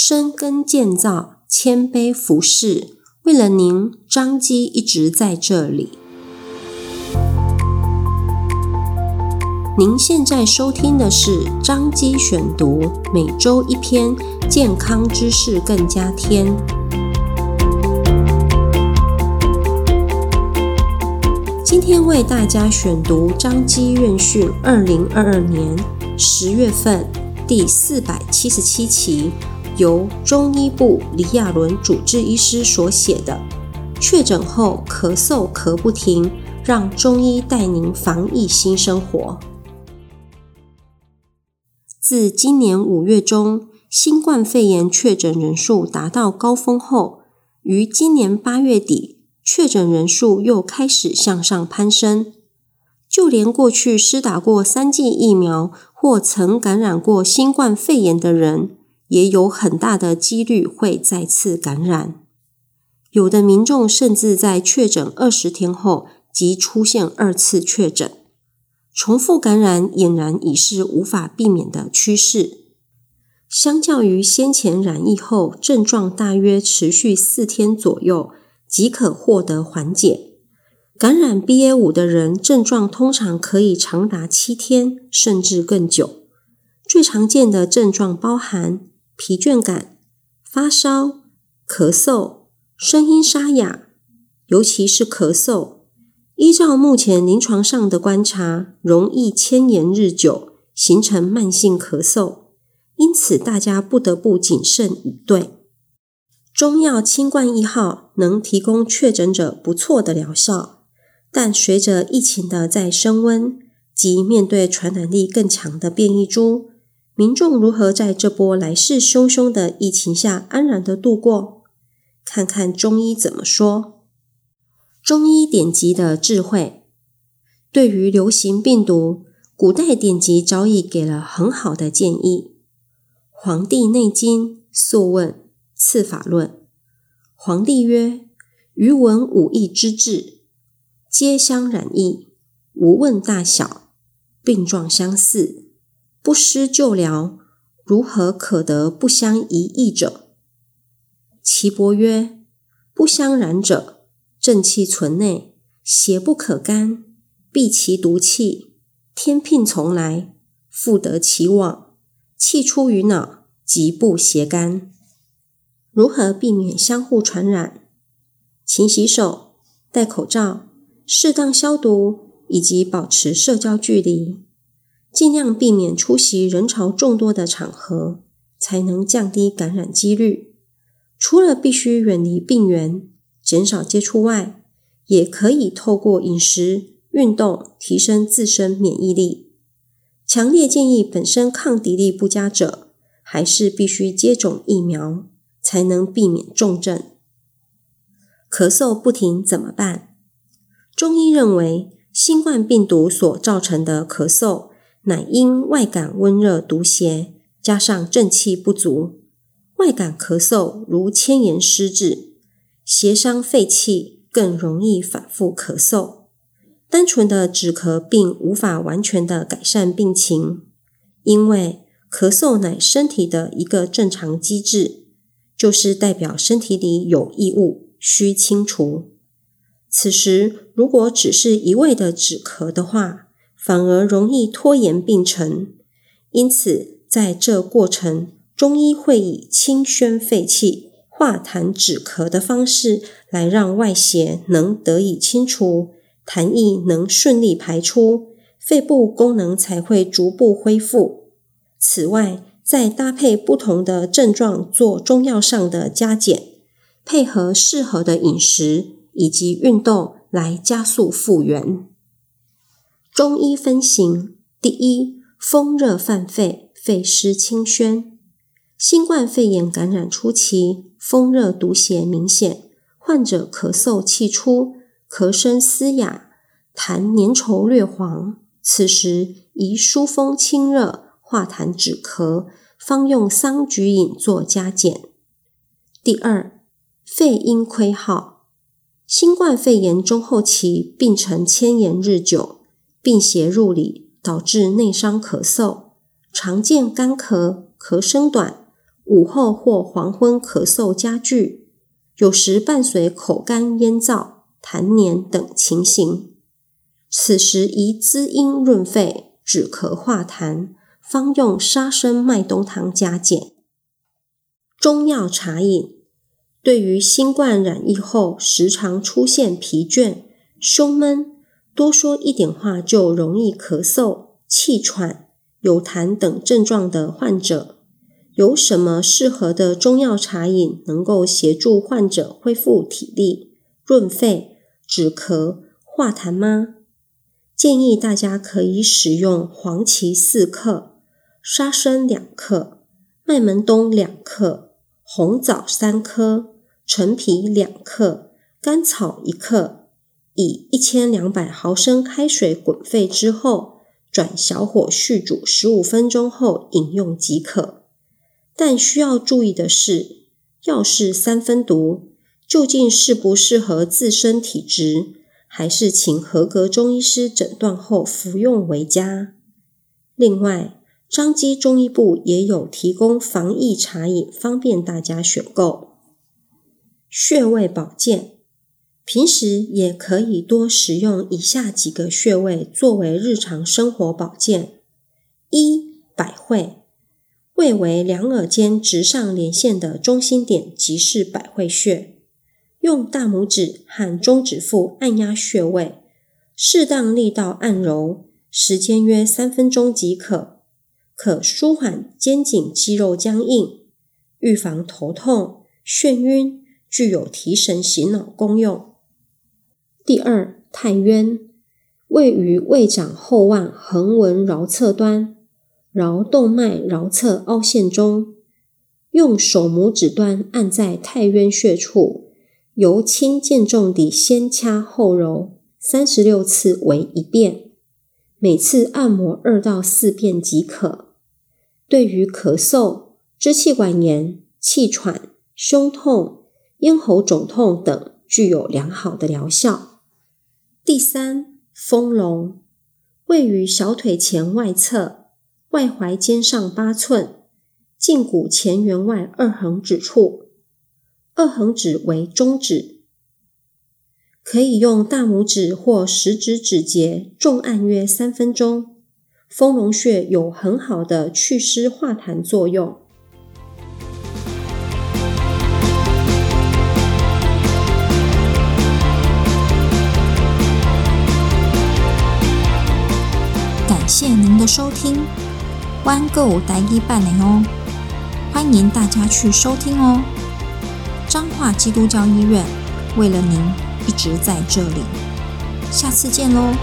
深耕建造，謙卑服侍，為了您，彰基一直在這裡。您現在收聽的是彰基選讀，每周一篇健康知識，更加添。今天為大家選讀彰基《彰基院訊》二零二二年十月份第四百七十七期。由中醫部李亞倫主治醫師所寫的《確診後咳嗽咳不停》，讓中醫帶您防疫新生活。自今年五月中，新冠肺炎確診人數達到高峰後，於今年八月底，確診人數又開始向上攀升。就連過去施打過三劑疫苗或曾感染過新冠肺炎的人，也有很大的幾率會再次感染，有的民眾甚至在確診二十天後即出現二次確診，重複感染儼然已是無法避免的趨勢。相較於先前染疫後症狀大約持續四天左右即可獲得緩解，感染 BA.5 的人症狀通常可以長達七天甚至更久，最常見的症狀包含。疲倦感、發燒、咳嗽、聲音沙啞，尤其是咳嗽。依照目前臨床上的觀察，容易遷延日久，形成慢性咳嗽。因此，大家不得不謹慎以對。中藥“清冠一號”能提供確診者不錯的療效，但隨着疫情的再升溫及面對傳染力更強的變異株，民眾如何在這波來勢洶洶的疫情下安然的度過？看看中醫怎麼說。中醫典籍的智慧對於流行病毒，古代典籍早已給了很好的建議。《黃帝內經·素問·刺法論》：黃帝曰：“余聞五疫之至，皆相染易，無問大小，病狀相似。”不施救療，如何可得不相移易者？岐伯曰：“不相染者，正氣存內，邪不可干，避其毒氣，天牝從來，復得其往。氣出於腦，即不邪干。”如何避免相互傳染？勤洗手，戴口罩，適當消毒，以及保持社交距離。盡量避免出席人潮眾多的場合，才能降低感染機率。除了必須遠離病原、減少接觸外，也可以透過飲食、運動提升自身免疫力。強烈建議本身抵抗力不佳者，還是必須接種疫苗，才能避免重症。咳嗽不停怎麼辦？中醫認為，新冠病毒所造成的咳嗽，乃因外感溫熱毒邪，加上正氣不足，外感咳嗽如遷延失治，邪傷肺氣，更容易反覆咳嗽。單純的止咳，並無法完全的改善病情，因為咳嗽乃身體的一個正常機制，就是代表身體裡有異物需清除。此時如果只是一味的止咳的話，反而容易拖延病程，因此在這過程，中醫會以清宣肺氣、化痰止咳的方式來讓外邪能得以清除，痰液能順利排出，肺部功能才會逐步恢復。此外，再搭配不同的症狀做中藥上的加減，配合適合的飲食以及運動來加速復原。中醫分型：第一，風熱犯肺，肺失清宣。新冠肺炎感染初期，風熱毒邪明顯，患者咳嗽氣出，咳聲嘶啞，痰粘稠略黃。此時宜疏風清熱，化痰止咳，方用桑菊飲作加減。第二，肺陰虧耗。新冠肺炎中後期，病程遷延日久。病邪入裡，導致內傷咳嗽，常見乾咳、咳聲短，午後或黃昏咳嗽加劇，有時伴隨口乾咽燥、痰黏等情形。此時宜滋陰潤肺、止咳化痰，方用沙參麥冬湯加減。中藥茶飲，對於新冠染疫後時常出現疲倦、胸悶。多說一點話就容易咳嗽、氣喘、有痰等症狀的患者，有什麼適合的中藥茶飲能夠協助患者恢復體力、潤肺、止咳、化痰嗎？建議大家可以使用黃芪四克、沙參兩克、麥門冬兩克、紅棗三顆、陳皮兩克、甘草一克。以一千兩百毫升開水滾沸之後，轉小火續煮十五分鐘後飲用即可。但需要注意的是，藥是三分毒，究竟適不適合自身體質，還是請合格中醫師診斷後服用為佳。另外，彰基中醫部也有提供防疫茶飲，方便大家選購。穴位保健。平時也可以多使用以下幾個穴位作為日常生活保健。一、百會，位為兩耳尖直上連線的中心點，即是百會穴。用大拇指和中指腹按壓穴位，適當力道按揉，時間約三分鐘即可，可舒緩肩頸肌肉僵硬，預防頭痛、眩暈，具有提神醒腦功用。第二、太淵位於腕掌後腕橫紋橈側端橈動脈橈側凹陷中，用手拇指端按在太淵穴處，由輕漸重地先掐後揉，三十六次為一遍，每次按摩二到四遍即可。對於咳嗽、支氣管炎、氣喘、胸痛、咽喉腫痛等，具有良好的療效。第三豐隆位於小腿前外側，外踝尖上八寸，脛骨前緣外二橫指處。二橫指為中指，可以用大拇指或食指指節重按約三分鐘。豐隆穴有很好的祛濕化痰作用。感謝您的收聽，One Go 待一半年哦，歡迎大家去收聽哦。彰化基督教醫院為了您一直在這裡，下次見嘍。